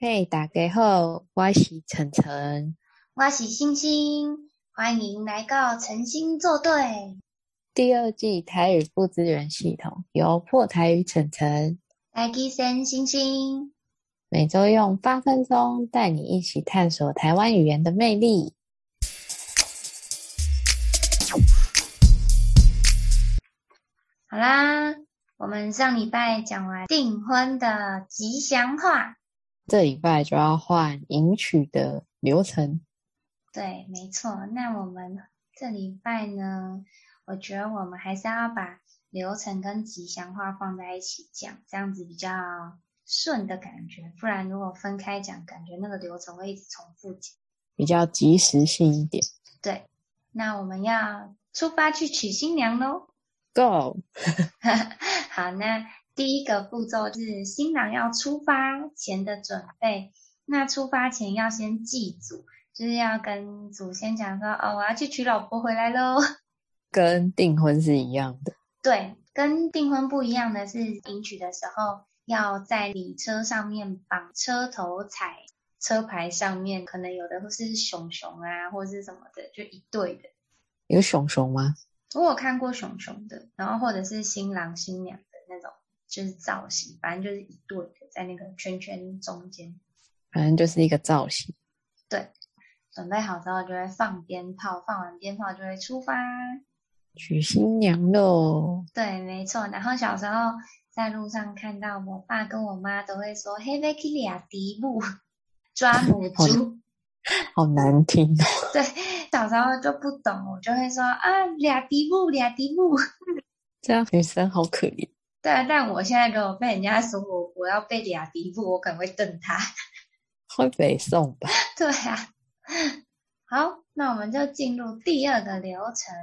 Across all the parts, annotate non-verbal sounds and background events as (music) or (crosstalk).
嘿，hey, 大家好，我是岑岑，我是芯芯，歡迎來到岑芯作對第二季台語不資源系統，由破台語岑岑、台吉芯芯，每周用八分鐘帶你一起探索台灣語言的魅力。好啦，我們上禮拜講完訂婚的吉祥話。這禮拜就要換迎娶的流程，對，沒錯。那我們這禮拜呢，我覺得我們還是要把流程跟吉祥話放在一起講，這樣子比較順的感覺。不然如果分開講，感覺那個流程會一直重複講，比較及時性一點。對，那我們要出發去娶新娘嘍，Go！ (laughs) (laughs) 好呢。那第一個步驟是新郎要出發前的準備。那出發前要先祭祖，就是要跟祖先講說：“哦，我要去娶老婆回來嘍。”跟訂婚是一樣的。對，跟訂婚不一樣的是，迎娶的時候要在禮車上面綁車頭彩，車牌上面可能有的會是熊熊啊，或是什麼的，就一對的。有熊熊嗎？我有看過熊熊的，然後或者是新郎新娘。就是造型，反正就是一對的在那個圈圈中間。反正就是一個造型。對，準備好之後就會放鞭炮，放完鞭炮就會出發娶新娘嘍。對，沒錯。然後小時候在路上看到我爸跟我媽都會說：“嘿，麥基倆迪木。抓母豬。”好難聽哦。對，小時候就不懂，我就會說：“啊，倆迪木，倆迪木。” (laughs) 這樣女生好可憐。對啊，但我現在如果被人家說我，我要被倆敵步，我可能會瞪他，會被送吧？對啊。好，那我們就進入第二個流程。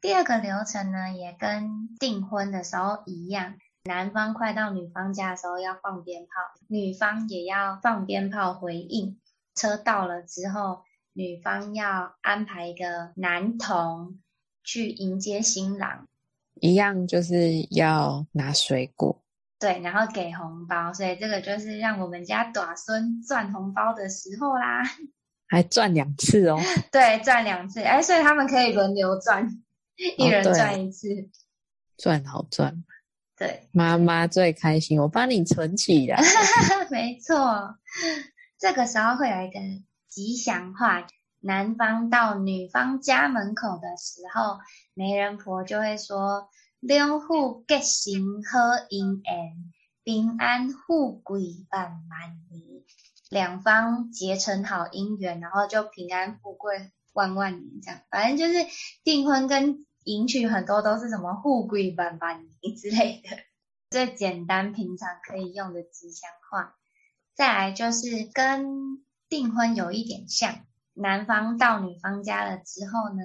第二個流程呢，也跟訂婚的時候一樣，男方快到女方家的時候要放鞭炮，女方也要放鞭炮回應。車到了之後，女方要安排一個男童去迎接新郎。一樣就是要拿水果，對，然後給紅包，所以這個就是讓我們家大孫賺紅包的時候啦，還賺兩次哦，對，賺兩次，哎，所以他們可以輪流賺，哦、一人賺一次，啊、賺好賺，對，媽媽最開心，我幫你存起來， (laughs) 沒錯，這個時候會有一個吉祥話，男方到女方家門口的時候。媒人婆就會說，兩戶結成好姻緣，平安富貴萬萬年。兩方結成好姻緣，然後就平安富貴萬萬年這樣。反正就是訂婚跟迎娶很多都是什麼富貴萬萬年之類的，最簡單平常可以用的吉祥話。再來就是跟訂婚有一點像。男方到女方家了之後呢，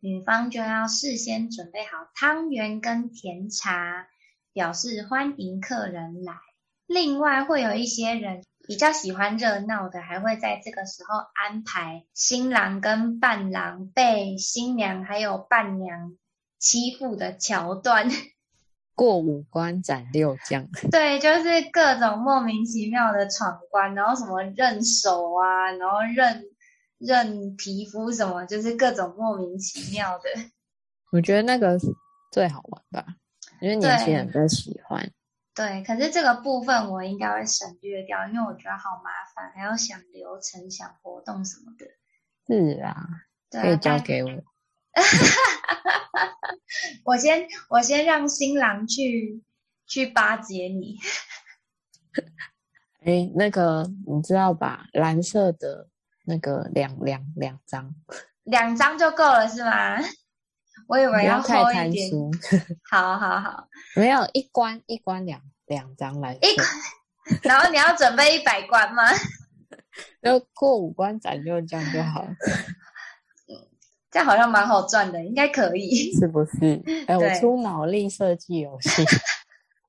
女方就要事先準備好湯圓跟甜茶，表示歡迎客人來。另外，會有一些人比較喜歡熱鬧的，還會在這個時候安排新郎跟伴郎被新娘還有伴娘欺負的橋段，過五關斬六將。 (laughs) 對，就是各種莫名其妙的闖關，然後什麼認手啊，然後認。認皮膚什麼，就是各種莫名其妙的。我覺得那個最好玩吧，因為年輕人比較喜歡對。對，可是這個部分我應該會省略掉，因為我覺得好麻煩，還要想流程、想活動什麼的。是啊，對可以交給我。但 (laughs) 我先，我先讓新郎去，去巴結你。哎、欸，那個你知道吧，藍色的。那個兩兩兩張，兩張就夠了是嗎？我以為不要,要太貪心。 (laughs) 好好好，沒有一關一關兩兩張來一關，然後你要準備一百關嗎？要 (laughs) 過五關斬六將就好。嗯， (laughs) 這樣好像蠻好賺的，應該可以， (laughs) 是不是？哎、欸，對我出腦力設計遊戲，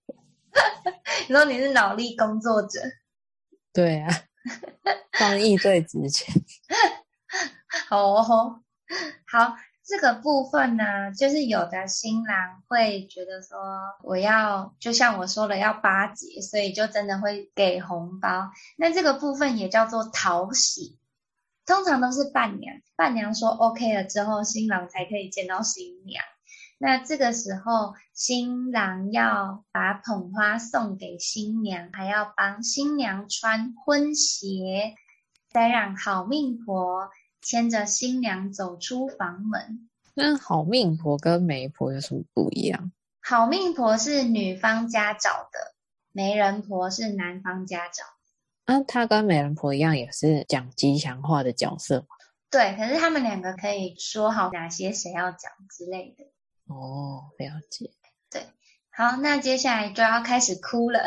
(laughs) 你說你是腦力工作者，對啊。翻譯最值錢。哦 (laughs) (laughs) oh. 好，這個部分呢、啊，就是有的新郎會覺得說，我要就像我說的要巴結，所以就真的會給紅包。那這個部分也叫做討喜，通常都是伴娘，伴娘說 OK 了之後，新郎才可以見到新娘。那這個時候，新郎要把捧花送給新娘，還要幫新娘穿婚鞋，再讓好命婆牽着新娘走出房門。那好命婆跟媒婆有什麼不一樣？好命婆是女方家找的，媒人婆是男方家找。啊，她跟媒人婆一樣，也是講吉祥話的角色嗎？對，可是他們兩個可以說好哪些誰要講之類的。哦，了解。對，好，那接下來就要開始哭了， (laughs)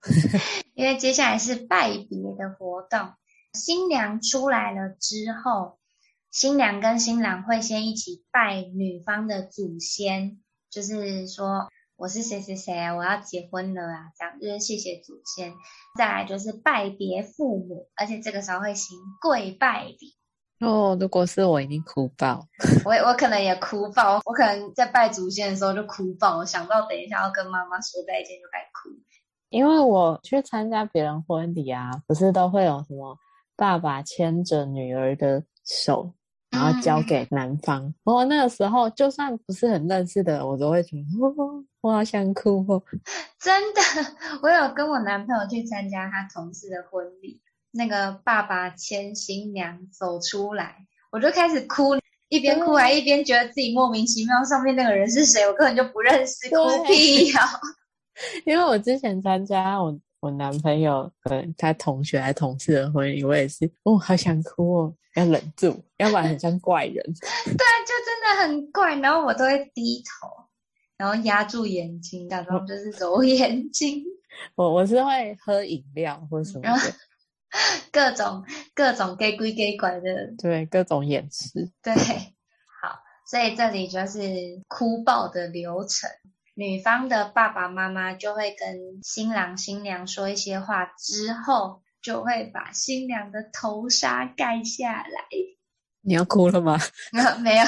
(laughs) 因為接下來是拜別的活動。新娘出來了之後，新娘跟新郎會先一起拜女方的祖先，就是說我是誰誰誰，啊，我要結婚了啊，這樣就是謝謝祖先。再來就是拜別父母，而且這個時候會行跪拜禮。哦，如果是我，一定哭爆。我我可能也哭爆，我可能在拜祖先的時候就哭爆，我想到等一下要跟媽媽說再見就該哭。因為我去參加別人婚禮啊，不是都會有什麼爸爸牽着女兒的手，然後交給男方。嗯。我那個時候就算不是很認識的，我都會覺得，哦，我好想哭哦。真的，我有跟我男朋友去參加他同事的婚禮。那個爸爸牽新娘走出來，我就開始哭，一邊哭還一邊覺得自己莫名其妙。上面那個人是誰？我根本就不認識。對哭屁呀！因為我之前參加我我男朋友和他同學還同事的婚禮，我也是，哦，好想哭哦，要忍住， (laughs) 要不然很像怪人。對，就真的很怪。然後我都會低頭，然後壓住眼睛，假裝就是揉眼睛。我我是會喝飲料或什麼的。啊各種各種假鬼假怪的，對，各種掩飾，對好，所以這裡就是哭爆的流程。女方的爸爸媽媽就會跟新郎新娘說一些話，之後就會把新娘的頭紗蓋下來。你要哭了嗎？ (laughs) 沒有，沒有，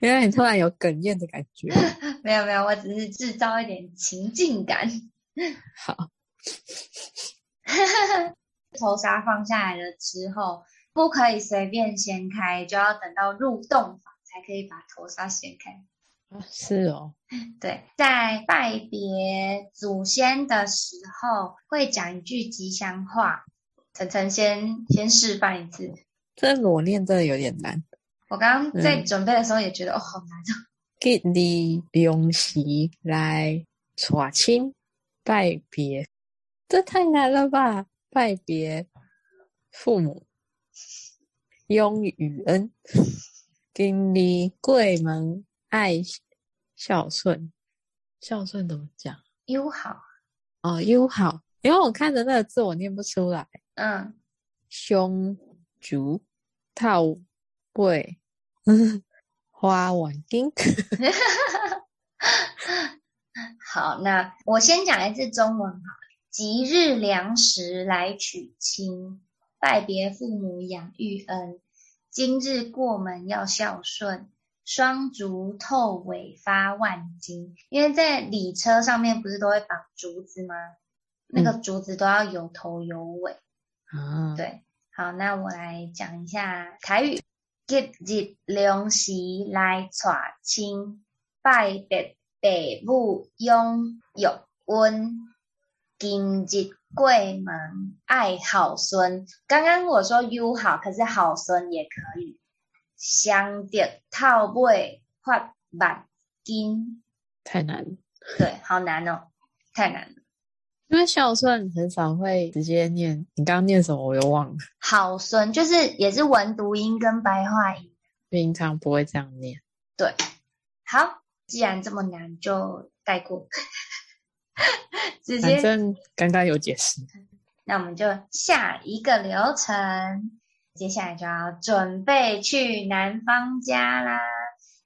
因為你突然有哽咽的感覺。 (laughs) 沒有沒有，我只是製造一點情境感。 (laughs) 好。 (laughs) 頭紗放下來了之後，不可以隨便掀開，就要等到入洞房才可以把頭紗掀開。是哦，對，在拜別祖先的時候會講一句吉祥話。岑岑先先示範一次，嗯、這我念真的有點難。我剛剛在準備的時候也覺得，嗯、哦，好難哦、啊。今日良時來娶親，拜別，這太難了吧？拜別父母，擁與恩，經歷貴門，愛孝順，孝順怎麼講？優好哦，優好，因為我看着那個字，我念不出來。嗯，兄、竹套桂，花碗丁。 (laughs) (laughs) 好，那我先講一次中文哈。吉日良食來娶親，拜別父母養育恩，今日過門要孝順，雙竹透尾發萬金。因為在禮車上面不是都會綁竹子嗎？嗯、那個竹子都要有頭有尾。啊，對，好，那我來講一下、啊、台語。吉日良時來娶親，拜別父母擁有溫金吉貴門愛好孫，剛剛我說 u 好，可是好孫也可以。香的套背發板、金，太難了。對，好難哦，太難了。因為孝孫很少會直接念，你剛剛念什麼？我又忘了。好孫就是也是文讀音跟白話音，平常不會這樣念。對，好，既然這麼難，就概括。直接，反正，剛剛有解釋。那我們就下一個流程，接下來就要準備去男方家啦。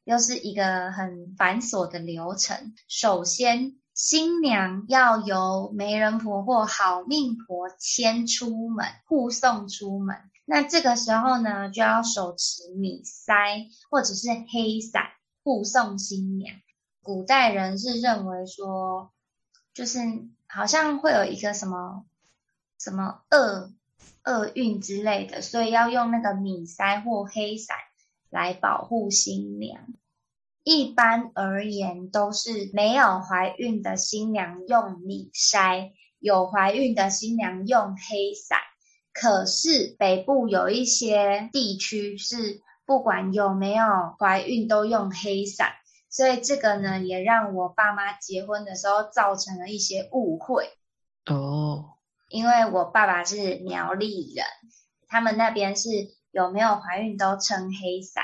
又是一個很繁瑣的流程。首先，新娘要由媒人婆或好命婆牽出門，護送出門。那這個時候呢，就要手持米篩或者是黑傘護送新娘。古代人是認為說。就是好像會有一個什麼什麼厄厄運之類的，所以要用那個米篩或黑傘來保護新娘。一般而言，都是沒有懷孕的新娘用米篩，有懷孕的新娘用黑傘。可是北部有一些地區是不管有沒有懷孕都用黑傘。所以這個呢，也讓我爸媽結婚的時候造成了一些誤會。哦，oh. 因為我爸爸是苗栗人，他們那邊是有沒有懷孕都撐黑傘，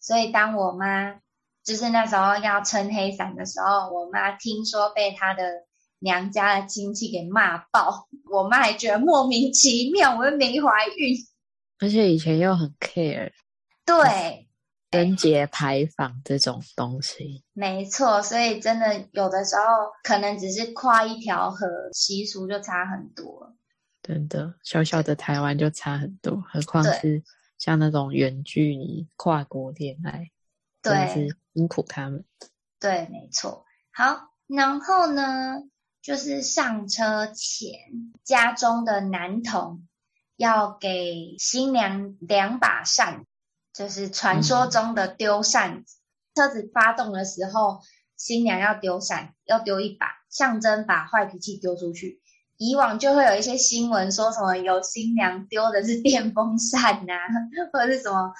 所以當我媽就是那時候要撐黑傘的時候，我媽聽說被她的娘家的親戚給罵爆，我媽還覺得莫名其妙，我又沒懷孕，而且以前又很 care。對。貞節對牌坊這種東西，沒錯，所以真的有的時候可能只是跨一條河，習俗就差很多。真的，小小的台灣就差很多，何況是像那種遠距離跨國戀愛，對真是辛苦他們對。對，沒錯。好，然後呢，就是上車前，家中的男童要給新娘兩把扇。就是傳說中的丟扇子，嗯、車子發動的時候，新娘要丟扇，要丟一把，象徵把壞脾氣丟出去。以往就會有一些新聞說什麼有新娘丟的是電風扇吶、啊，或者是什麼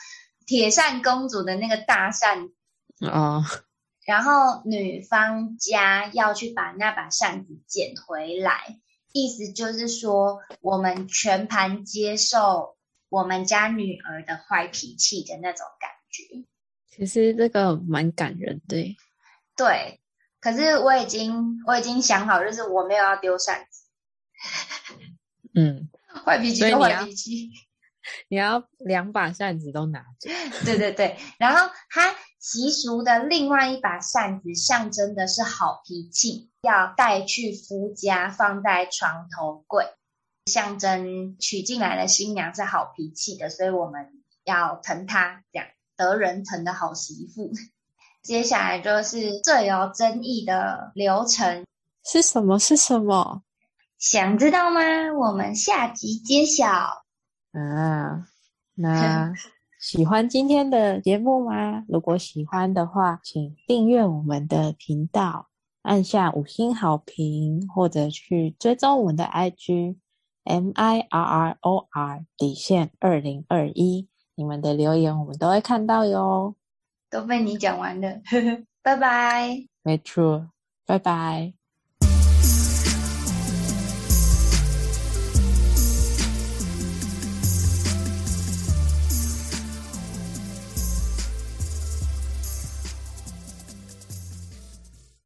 鐵扇公主的那個大扇子。嗯、哦，然後女方家要去把那把扇子撿回來，意思就是說我們全盤接受，我們家女兒的壞脾氣的那種感覺，其實這個蠻感人，對，對。可是我已經我已經想好，就是我沒有要丟扇子，嗯，壞脾、壞脾氣，壞脾氣。你要兩把扇子都拿着， (laughs) 對對對。然後，她習俗的另外一把扇子象徵的是好脾氣，要帶去夫家，放在床頭櫃。象徵娶進來的新娘是好脾氣的，所以我們要疼她，這樣得人疼的好媳婦。接下來就是最有爭議的流程。是什麼？是什麼？想知道嗎？我們下集揭曉。啊，那喜歡今天的節目嗎？ (laughs) 如果喜歡的話，請訂閱我們的頻道，按下五星好評，或者去追蹤我們的 IG。M I R R O R，底線二零二一，你們的留言我們都會看到喲。都被你講完了，呵呵，拜拜。沒錯，拜拜。